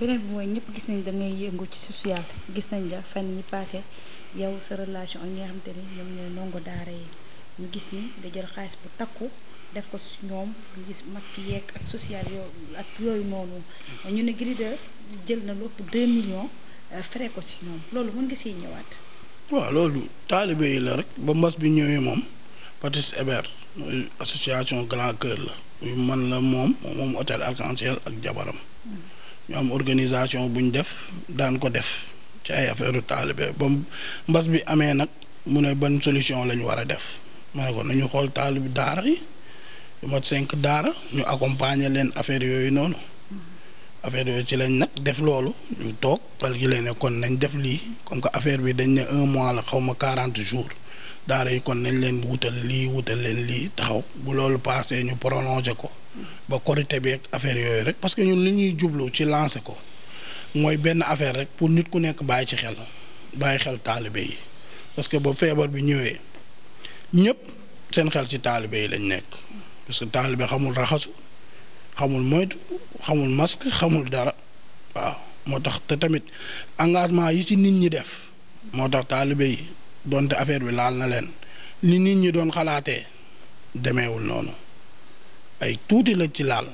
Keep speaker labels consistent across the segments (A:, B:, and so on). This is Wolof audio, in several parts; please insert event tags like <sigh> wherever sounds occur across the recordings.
A: beneen bi mooy ñëpp gis nañ da ngay yëngu ci social gis nañ la fan yi passé yow sa relation ak ñi nga xamante ni ñoom ñooy ndongo daara yi ñu gis ni da jël xaalis bu takku def ko ñoom ñu gis masque yeeg ak social yooyu noonu ñu ne Gris jël na lu ëpp 2 millions euh, frais ko si ñoom loolu mën nga siy ñëwaat.
B: waaw loolu taalibe yi la rek ba mas bi ñëwee moom Patrice Hébert mooy association Grand Cœur la. man la moom moom hôtel arc ak jabaram. Mm. ñu am organisation bu ñu def daan ko def ci ay affaire taalibe ba mbas bi amee nag mu ne ban solution la ñu war a def ma ne ko nañu xool taalibe daara yi lu mat cinq daara ñu accompagner leen affaire yooyu noonu affaire yooyu ci lañ nag def loolu ñu toog calculer ne kon nañ def lii comme que affaire bi dañ ne un mois la xaw ma quarante jours daara yi kon nañ leen wutal lii wutal leen lii taxaw bu loolu passé ñu prolonger ko ba korité bi ak affaire yooyu rek parce que ñun li ñuy jublu ci lancer ko mooy benn affaire rek pour nit ku nekk bàyyi ci xel bàyyi xel taalibe yi parce que ba feebar bi ñëwee ñëpp seen xel ci taalibe yi lañ nekk parce que taalibe xamul raxasu xamul moytu xamul masque xamul dara waaw moo tax te tamit engagement yi ci nit ñi def moo tax taalibe yi donte affaire bi laal na leen li nit ñi doon xalaatee demeewul noonu. ay tuuti la ci laal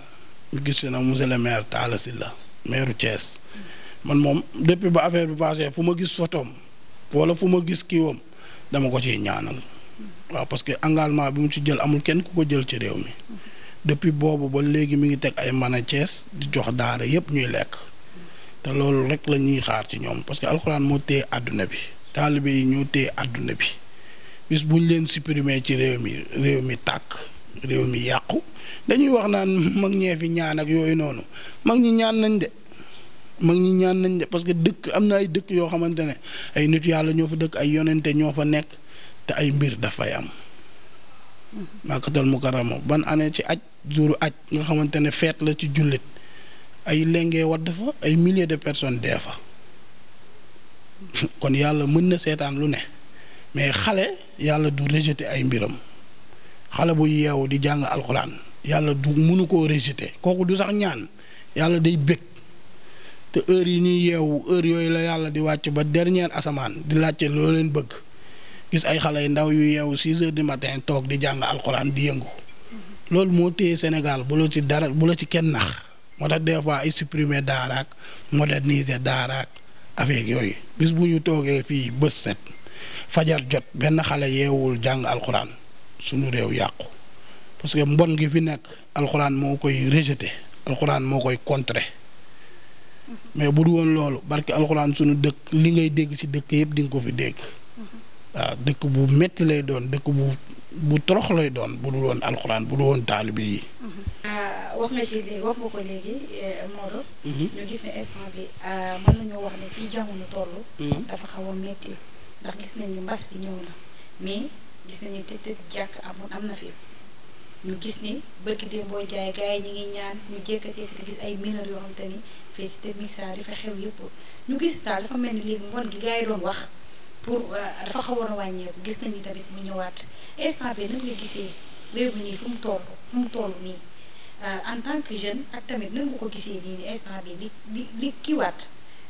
B: ñu gis si nag monsieur le maire Talla Sylla maire Thiès man moom depuis ba affaire bi passé fu ma gis sotoom wala fu ma gis kiiwam dama ko ciy ñaanal waaw parce que engagement bi mu ci jël amul kenn ku ko jël ci réew mi depuis boobu ba léegi mi ngi teg ay man a Thiès di jox daara yépp ñuy lekk te loolu rek la ñuy xaar ci ñoom parce que alxuraan moo téye àdduna bi taalibe yi ñoo téye àdduna bi bis buñ leen supprimer ci réew mi réew mi tàkk réew mi yàqu dañuy wax naan mag ñee fi ñaan ak yooyu noonu mag ñi ñaan nañ de mag ñaan nañ de parce que dëkk am na ay dëkk yoo xamante ne ay nit yàlla ñoo fa dëkk ay yonente ñoo fa nekk te ay mbir dafay am. màkkatal mukarama ban année ci aj juru aj nga xamante ne feet la ci jullit ay lengee wadd fa ay milliers de personnes dee fa <laughs> kon yàlla mën na seetaan lu ne mais xale yàlla du rejeter ay mbiram. xale bu yeewu di jàng alxuraan yàlla du mënu koo réciter kooku du sax ñaan yàlla day bëgg te heure yi ñuy yeewu heure yooyu la yàlla di wàcc ba dernière asamaan di laajte loo leen bëgg gis ay xale yu ndaw yu yeewu six heures du matin toog di jàng alxuraan di yëngu loolu moo téye Sénégal bu la ci dara bu ci kenn nax moo tax des fois ay supprimer daaraak moderniser daaraak avec yooyu bis bu ñu toogee fii bës set fajar jot benn xale yeewul jàng alxuraan. sunu réew yàqu parce que mbon ngi fi nekk alxuraan moo koy rejeté alxuraan moo koy contré mais bu du woon loolu barke alxuraan suñu dëkk li ngay dégg ci dëkk yëpp di nga ko fi dégg waaw dëkk bu metti lay doon dëkk bu bu torox lay doon bu du woon alxuraan bu du woon taalibe yi.
A: Euh, wax nga ci léegi wax nga ko léegi euh, Modou. Mhm. ñu gis ne instant bi euh, mën nañoo wax ne fii jamono toll. Mhm. dafa xaw metti ndax gis nañu mbas bi ñëw na gis nañu tëj tëj jàkk amoon am na fi ñu gis ni bërki dee boo jaay gars yi ñu ngi ñaan ñu jékkati te gis ay mineur yoo xam te ni fii si technique saa di fa xew yëpp ñu gis daal dafa mel ni léegi ngoon gi gars yi doon wax pour euh, dafa xawoon wàññeeku gis nañu tamit mu ñëwaat instant bi nag nga gisee réew mi nii fu mu toll fu mu toll nii euh, en tant que jeune ak tamit nan nga ko gisee nii ni instant bi li li li kiiwaat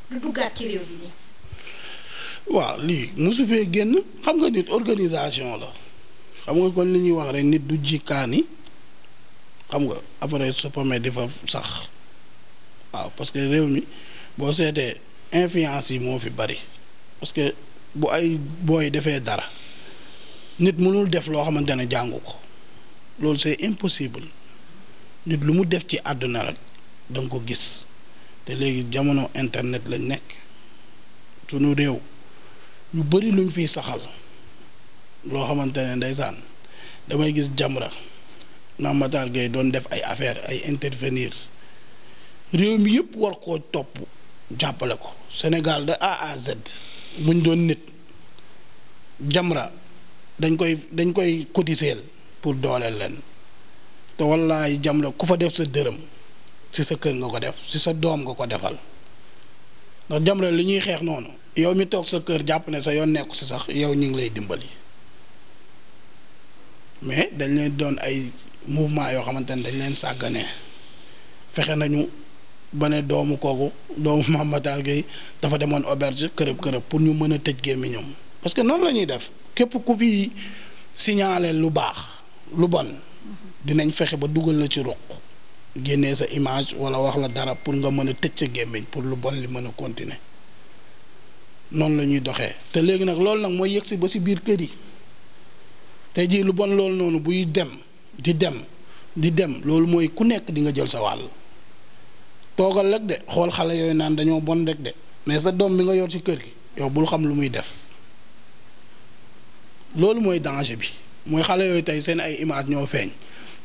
A: du duggaat ci réew bi nii
B: waaw lii mosu fee génn xam nga nit organisation la xam nga kon li ñuy wax rek nit du jikkaani xam nga après su pamee di fa sax waaw parce que réew mi boo seetee influence yi moo fi bari parce que bu ay booy defee dara nit mënul def loo xamante ne jàngu ko loolu c'est impossible nit lu mu def ci àdduna rek danga ko gis te léegi jamono internet lañ nekk sunu réew yu bëri luñ fi saxal loo xamante ne ndeysaan damay gis Jamra Mame Matar doon def ay affaire ay intervenir réew mi yëpp war koo topp jàppale ko Sénégal de A à Z buñ doon nit Jamra dañ koy dañ koy cotiser pour dooleel leen te wallaay Jamra ku fa def sa dërëm ci sa kër nga ko def ci sa doom nga ko defal ndax Jamra li ñuy xeex noonu yow mi toog sa kër jàpp ne sa yoon nekku si sax yow ñu ngi lay dimbali mais dañ leen doon ay mouvement yoo xamante ne dañ leen sàggane fexe nañu ba ne doomu kooku doomu <laughs> Mame Matar Gueye dafa demoon auberge kërëb kërëb pour ñu mën a tëj gémmiñoom parce que noonu la def képp ku fi signalé lu baax lu bon dinañ fexe ba dugal la ci ruq génnee sa image wala wax la dara pour nga mën a tëj sa gémmiñ pour lu bon li mën a continuer noonu la ñuy doxee te léegi nag loolu nag mooy yegsi ba si biir kër yi tey jii lu bon loolu noonu buy dem di dem di dem loolu mooy ku nekk di nga jël sa wàll toogal rek de xool xale yooyu naan dañoo bon rek de mais sa doom bi nga yor ci kër gi yow bul xam lu muy def loolu mooy danger bi mooy xale yooyu tey seen ay image ñoo feeñ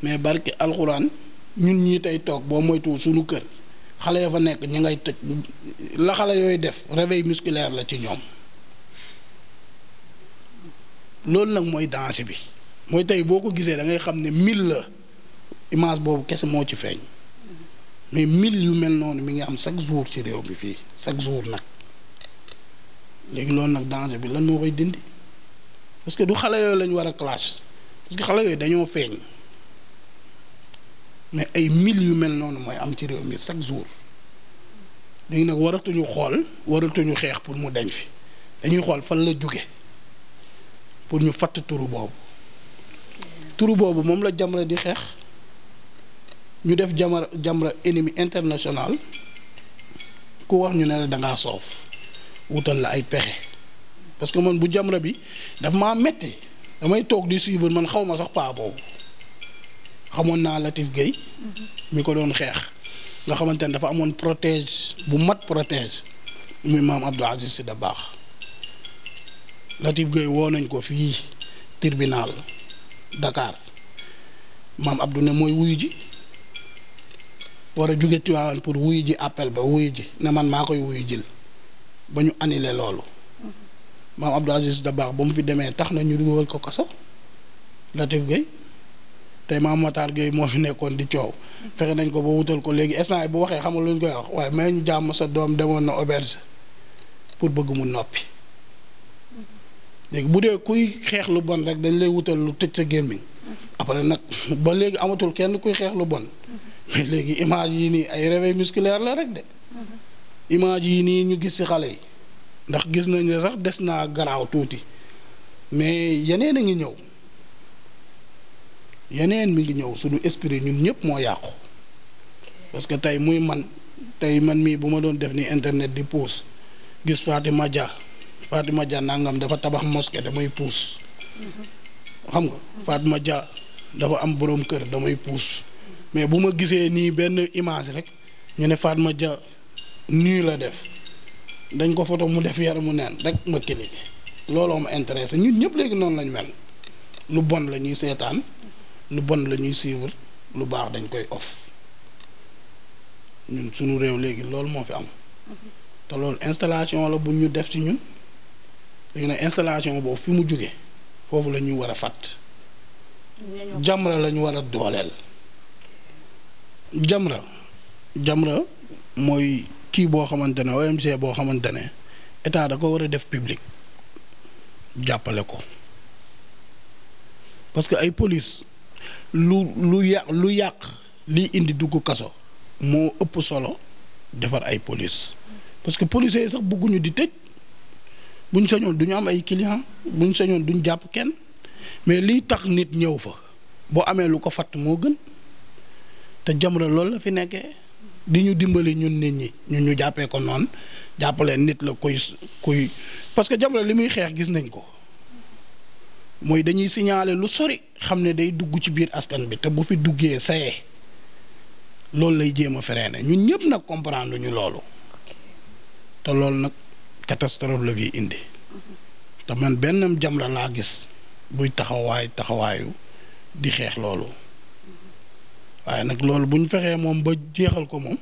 B: mais barki alxuraan ñun ñii tey toog boo moytuwul sunu kër. xale ya fa nekk ñi ngay toj la xale yooyu def réveil musculaire la ci ñoom loolu nag mooy danger bi mooy tey boo ko gisee da ngay xam ne mil la image boobu kese moo ci feeñ mais mil yu mel noonu mi ngi am chaque jour ci réew bi fii chaque jour nag léegi loolu nag danger bi lan moo koy dindi parce que du xale yooyu lañ war a clash parce xale yooyu dañoo feeñ. mais ay mille yu mel noonu mooy am ci réew mi chaque jour léegi nag waratuñu xool waratuñu xeex pour mu dañ fi dañuy xool fan la jóge pour ñu fatt turu boobu turu boobu moom la Jamra di xeex ñu def Jamra Jamra ennemi international ku wax ñu ne la dangaa soof wutal la ay pexe parce que man bu Jamra bi dafa maa metti damay toog di suivre man xaw ma sax paa boobu xamoon naa Latif Gueye mi ko doon xeex nga xamante ne dafa amoon protège bu mat protège muy maam Abdou Aziz Sy baax Latif Gueye woo nañ ko fii tribunal dakaar maam Abdou ne mooy wuyu ji war a jóge Tivaouane pour wuy ji appel ba wuyu ji ne man maa koy wuyu jil ba ñu annulé loolu maam Abdou Aziz baax ba mu fi demee tax na ñu dugal ko kaso Latif Gueye tey maam Matar Gueye moo fi nekkoon di coow fexe nañ ko ba wutal ko léegi instant bu waxee xamul lu ñu koy wax waaye may ñu jàmm sa doom demoon na auberge pour bëgg mu noppi léegi bu dee kuy xeex lu bon rek dañ lay wutal lu tëj sa gémmiñ après nag ba léegi amatul kenn kuy xeex lu bon mais léegi image yi nii ay réveil musculaire la rek de image yi nii ñu gis ci xale yi ndax gis nañ ne sax des naa garaaw tuuti mais yeneen a ngi ñëw yeneen mi ngi ñëw suñu esprit ñun ñëpp moo yàqu parce que tey muy man tey man mii bu ma doon def ni internet di puus gis Fatima Dia Fatima Dia nangam dafa tabax mosquée damay puus xam nga Fatima Dia dafa am borom kër damay puus mais bu ma gisee nii benn image rek ñu ne Fatima Dia nuyu la def dañ ko photo mu def yaramu neen rek ma cliqué looloo ma intéressé ñun ñëpp léegi noonu lañ mel lu bon la ñuy seetaan lu bon la ñuy suivre lu baax dañ koy off ñun sunu réew léegi loolu moo fi am te loolu installation la bu ñu def ci ñun léegi nag installation boobu fi mu jógee foofu la ñuy war a fàtt jamra la ñu war a dooleel jamra jamra mooy kii boo xamante ne OMG boo xamante ne état da ko war a def public jàppale ko parce ay police lu lu yàq lu yàq liy indi dugg kaso moo ëpp solo defar ay police parce que policiers yi sax bëgguñu di tëj buñ sañoon du ñu am ay client buñ sañoon duñ jàpp kenn mais liy tax nit ñëw fa boo amee lu ko fatt moo gën te Jamra loolu la fi nekkee di ñu dimbali ñun nit ñi ñu ñu jàppee ko noonu jàppaleen nit la kuy kuy parce que Jamra li muy xeex gis nañ ko mooy dañuy siñaale lu sori xam ne day dugg ci biir askan bi te bu fi duggee sayee loolu lay jéem a freiné ñun ñëpp nag comprendre ñu loolu te loolu nag catastrophe la fi indi te man benn Jamra laa gis buy taxawaay taxawaayu di xeex loolu waaye nag loolu bu fexee moom ba jeexal ko moom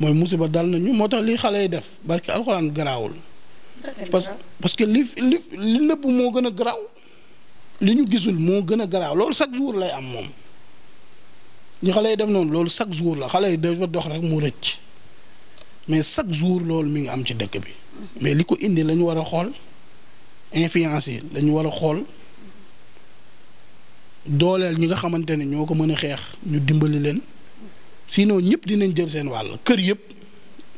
B: mooy musiba dal nañu moo tax li xale yi def barki alxuraan garaawul parce que li li li nëbb moo gën a garaaw li ñu gisul moo gën a garaaw loolu chaque jour lay am moom ñu xale yi def noonu loolu chaque jour la xale yi dafa dox rek mu rëcc mais chaque jour loolu mi ngi am ci dëkk bi mais li ko indi la ñu war a xool influence yi la ñu war a xool dooleel ñi nga xamante ne ñoo ko mën a xeex ñu dimbali leen sinon ñëpp dinañ jël seen wàll kër yëpp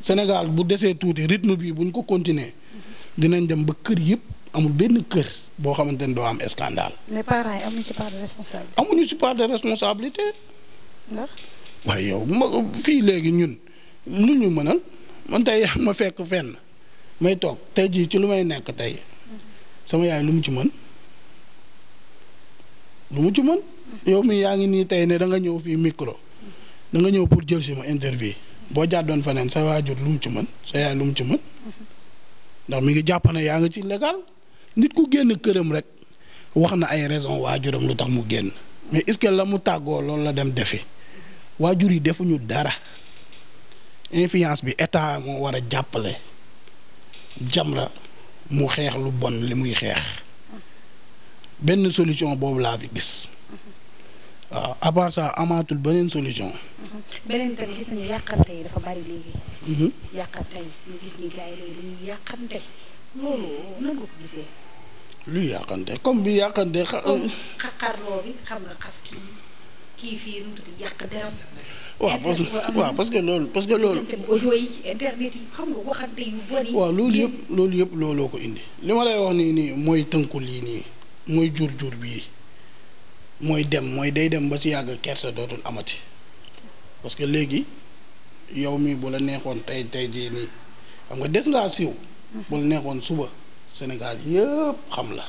B: Sénégal bu desee tuuti rythme bi buñ ko continuer dinañ dem ba kër yëpp amul benn kër. boo xamante ni doo am scandale.
A: les parents yi amuñu
B: ci part de responsabilité. waaye yow ma fii léegi ñun lu ñu mënal man tey <laughs> ma fekk fenn may toog tey jii ci lu may nekk tey sama yaay lu mu ci mën lu mu ci mën. yow mi yaa ngi nii tey ne danga ñëw fii micro da nga ñëw pour jël si ma interview boo jàddoon faneen sa waajur lu mu ci mën sa yaay lu mu ci mën ndax mi ngi jàpp ne yaa ngi ci légal. nit ku génn këram rek wax na ay raison waajuram lu tax mu génn mais est-ce que la mu tàggoo loolu la dem defi waajur yi defuñu dara influence bi état moo war a jàppale Jamra mu xeex lu bon li muy xeex benn solution boobu laa fi gis waaw à part amaatul beneen solution. beneen luy yàqante comme bi yàqante. comme euh,
A: xaqarloo bi xam nga xas kii kii fii nu yàq deram. waaw parce que
B: loolu parce que loolu.
A: xam nga waxante yu loolu yëpp
B: loolu yëpp looloo ko indi. li ma lay wax nii nii mooy tënku lii nii mooy jur jur bii mooy dem mooy day dem ba ci yàgg kersa dootul amati parce que léegi yow mii bu la neexoon tey tey jii nii xam nga des ngaa siiw. Mm-hmm. bu la neexoon suba. Sénégal yëpp xam la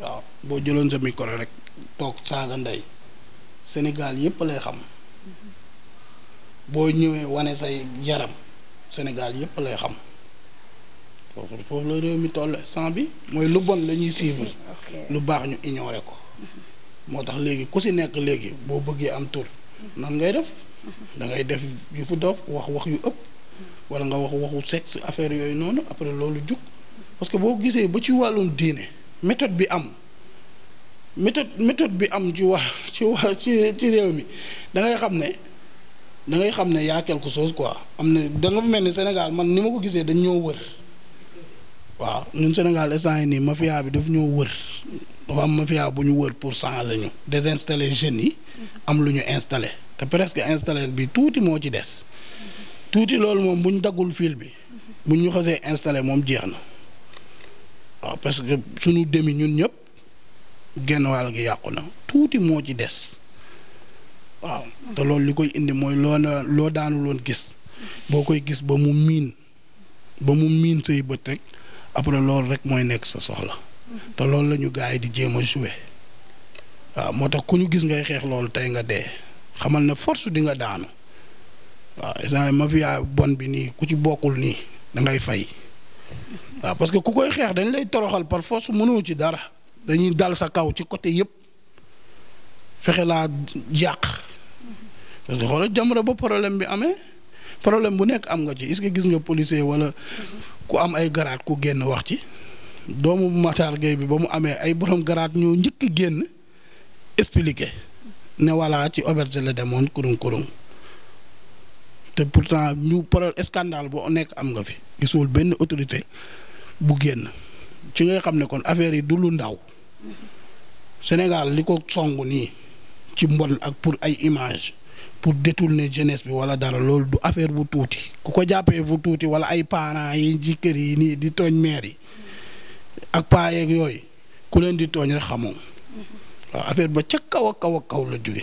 B: waaw boo jëloon sa micro rek toog saaga ndey Sénégal yëpp lay xam boo ñëwee wane say yaram Sénégal yëpp lay xam foofu foofu la réew mi toll sant bi mooy lu bon lañuy ñuy lu baax ñu ignorer ko moo tax léegi ku si nekk léegi boo bëggee am tur nan ngay def mhm. dangay ngay def yu fu doof wax wax yu ëpp wala nga wax waxu sexe affaire yooyu noonu après loolu jug parce que boo gisee ba ci wàllum diine méthode bi am méthode méthode bi am ci wax ci wax ci réew mi dangay xam ne da ngay xam ne yaa ko chose quoi am na da mel ni Sénégal man ni ma ko gisee dañ ñoo wër waaw ñun Sénégal instant yi nii mafia bi daf ñoo wër dafa am mafia bu ñu wër pour changer ñu désinstaller jeunes yi am lu ñu installé te presque installé bi tuuti moo ci des tuuti loolu moom bu ñu daggul fil bi bu ñu xasee installé moom jeex na waaw parce que suñu demi ñun ñëpp genn wàll gi yàqu na tuuti moo ci des waaw te loolu li koy indi mooy loo daanu loo gis boo koy gis ba mu miin ba mu miin say bët rek après loolu rek mooy nekk sa soxla te loolu la ñu gars yi di jéem a joué waaw moo tax ku ñu gis ngay xeex loolu tey nga dee xamal na force di nga daanu waaw instant mafia bon bi nii ku ci bokkul nii da ngay fay waa parce que ku koy xeex dañ lay toroxal par su mënoo ci dara dañuy dal sa kaw ci côté yëpp fexe laa jàq parce que xoolal Jamra ba problème bi amee problème bu nekk am nga ci est gis nga policier walla ku am ay garaat ku génn wax ci doomu Matar Gueye bi ba mu amee ay borom garaat ñu njëkk génn expliqué ne voilà ci auberge la demoon kurung kurung te pourtant ñu parole scandale boo nekk am nga fi gisul benn autorité bu génn ci ngay xam ne kon affaire yi du lu ndaw Sénégal li ko song nii ci mbon ak pour ay image pour détourner jeunesse bi wala dara loolu du affaire bu tuuti ku ko jàppee bu tuuti wala ay parents yi ci kër yi nii di tooñ maire yi ak paa yooyu ku leen di tooñ rek xamoo waaw affaire ba ca kaw a kaw a kaw la jóge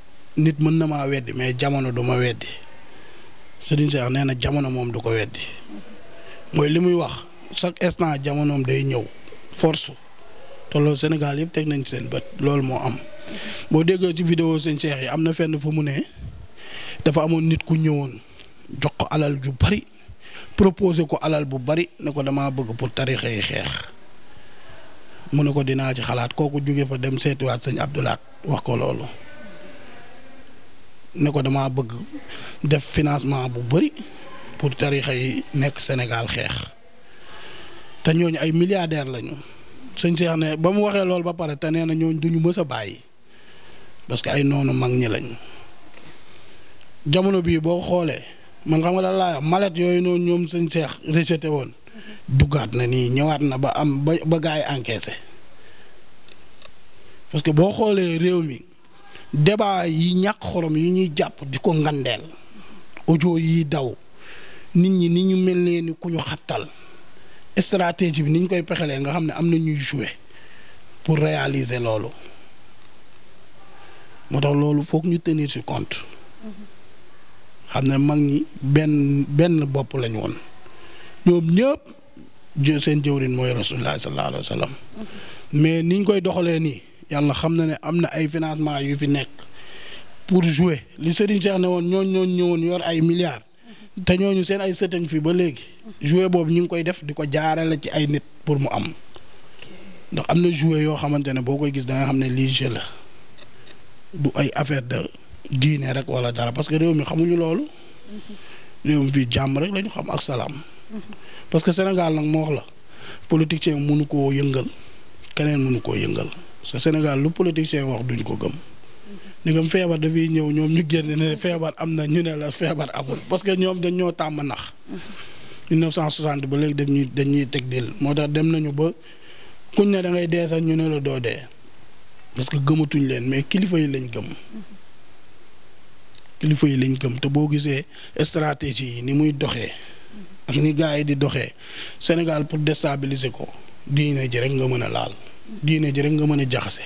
B: nit mën na maa weddi mais jamono du ma weddi Serigne Cheikh nee na jamono moom du ko weddi mooy li muy wax chaque instant jamonoom day ñëw force te loolu Sénégal yëpp teg nañ seen bët loolu moo am. boo déggee ci vidéo seen Cheikh yi am na fenn fu mu ne dafa amoon nit ku ñëwoon jox ko alal ju bari proposé ko alal bu bari ne ko damaa bëgg pour tarixa yi xeex mu ne ko dinaa ci xalaat kooku jóge fa dem seetiwaat sëñ Abdoulaat wax ko loolu. ne ko damaa bëgg def financement bu bëri pour tarixa yi nekk Sénégal xeex te ñooñu ay milliardaires lañu sëñ Cheikh ne ba mu waxee loolu ba pare te nee na ñooñu duñu mës a bàyyi parce que ay noonu mag ñi lañu jamono bii boo xoolee man xam nga daal malet yooyu noonu ñoom sëñ Cheikh rejeté woon duggaat na nii ñëwaat na ba am ba ba gars yi encaissé parce que boo xoolee réew mi. débat yi ñàkk xorom yu ñuy jàpp di ko ngandeel audio yi daw nit ñi ni ñu mel nee ni ku ñu xattal stratégie bi niñ koy pexelee nga xam ne am na ñuy jouer pour réaliser loolu moo tax loolu foog ñu tenir ci compte xam ne mag ñi benn benn bopp lañu woon ñoom ñëpp jë seen jëwrin mooy rasulullah sallallahu alayhi wa mm-hmm. mais niñ koy doxalee nii yàlla xam na ne am na ay financement yu fi nekk pour jouer li Serigne Cheikh ne woon ñooñ ñooñu ñëwoon yor ay milliards te ñooñu seen ay sëtën fii ba léegi jouer boobu ñu ngi koy def di ko jaarale ci ay nit pour mu am ndax am na jouer yoo xamante ne boo koy gis da nga xam ne lii jeu la du ay affaire de diine rek wala dara parce que réew mi xamuñu loolu réew mi fii jàmm rek la xam ak salaam parce que Sénégal nag moo wax la politique mënu koo yëngal keneen mënu koo yëngal. sa Sénégal lu politicien wax duñ ko gëm. ni gëm feebar dafay ñëw ñoom ñu génn ne feebar am na ñu ne la feebar amul parce que ñoom dañ ñoo tàmm nax. 1960 ba léegi dañuy dañuy teg dil moo tax dem nañu ba kuñ ne da ngay dee sax ñu ne la doo dee parce que gëmatuñ leen mais kilifa yi lañ gëm. kilifa yi lañ gëm te boo gisee stratégie yi ni muy doxee ak ni gars yi di doxee Sénégal pour déstabiliser ko diine ji rek nga mën a laal. diine ji rek nga mën a jaxase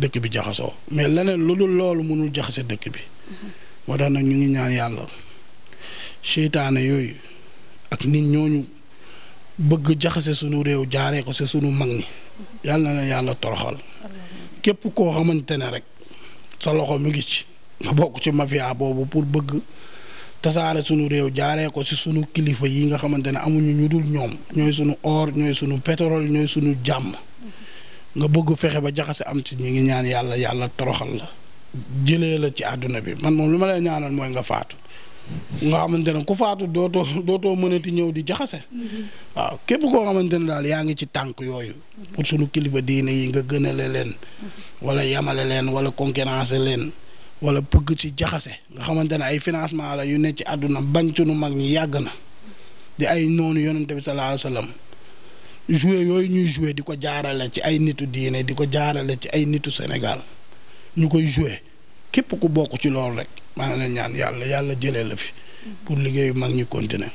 B: dëkk bi jaxasoo mais leneen lu dul loolu mënul jaxase dëkk bi moo tax nag ñu ngi ñaan yàlla seytaane yooyu ak nit ñooñu bëgg jaxase sunu réew jaaree ko si sunu mag ñi yàlla na leen xamante ne rek sa loxo mu ngi bokk ci mafia boobu pour bëgg tasaare sunu réew jaaree ko si sunu kilifa yi nga xamante ne amuñu ñu dul ñoom ñooy sunu or ñooy sunu pétrole ñooy sunu jàmm nga bëgg fexe ba jaxase am ci ñu ngi ñaan yàlla yàlla toroxal la jëlee la ci àdduna bi man moom lu ma lay ñaanal mooy nga faatu nga xamante ne ku faatu dootoo dootoo mënati ñëw di jaxase mm-hmm. waaw képp koo xamante ne daal yaa ngi ci tànk yooyu pour sunu kilifa diine yi nga gënale leen mm-hmm. wala yamale leen wala concurrence leen wala bëgg ci jaxase nga xamante ne ay financement la yu ne ci àdduna bañ sunu mag ñi yàgg na di ay noonu yonente bi sallallahu alayhi joué yooyu ñuy joué di ko jaarale ci ay nitu diine di ko jaarale ci ay nitu Sénégal ñu koy joué képp ku bokk ci loolu rek maa ngi leen ñaan yàlla yàlla jëlee la fi pour liggéeyu mag ñi
C: continuer